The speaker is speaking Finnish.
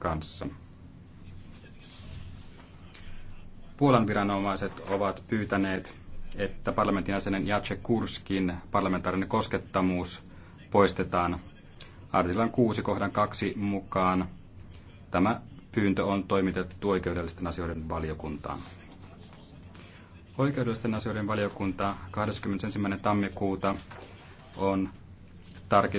kanssa. Puolan viranomaiset ovat pyytäneet, että parlamentin jäsenen Jace Kurskin parlamentaarinen koskettamuus poistetaan artiklan 6 kohdan 2 mukaan. Tämä pyyntö on toimitettu oikeudellisten asioiden valiokuntaan. Oikeudellisten asioiden valiokunta 21. tammikuuta on tarkistettu.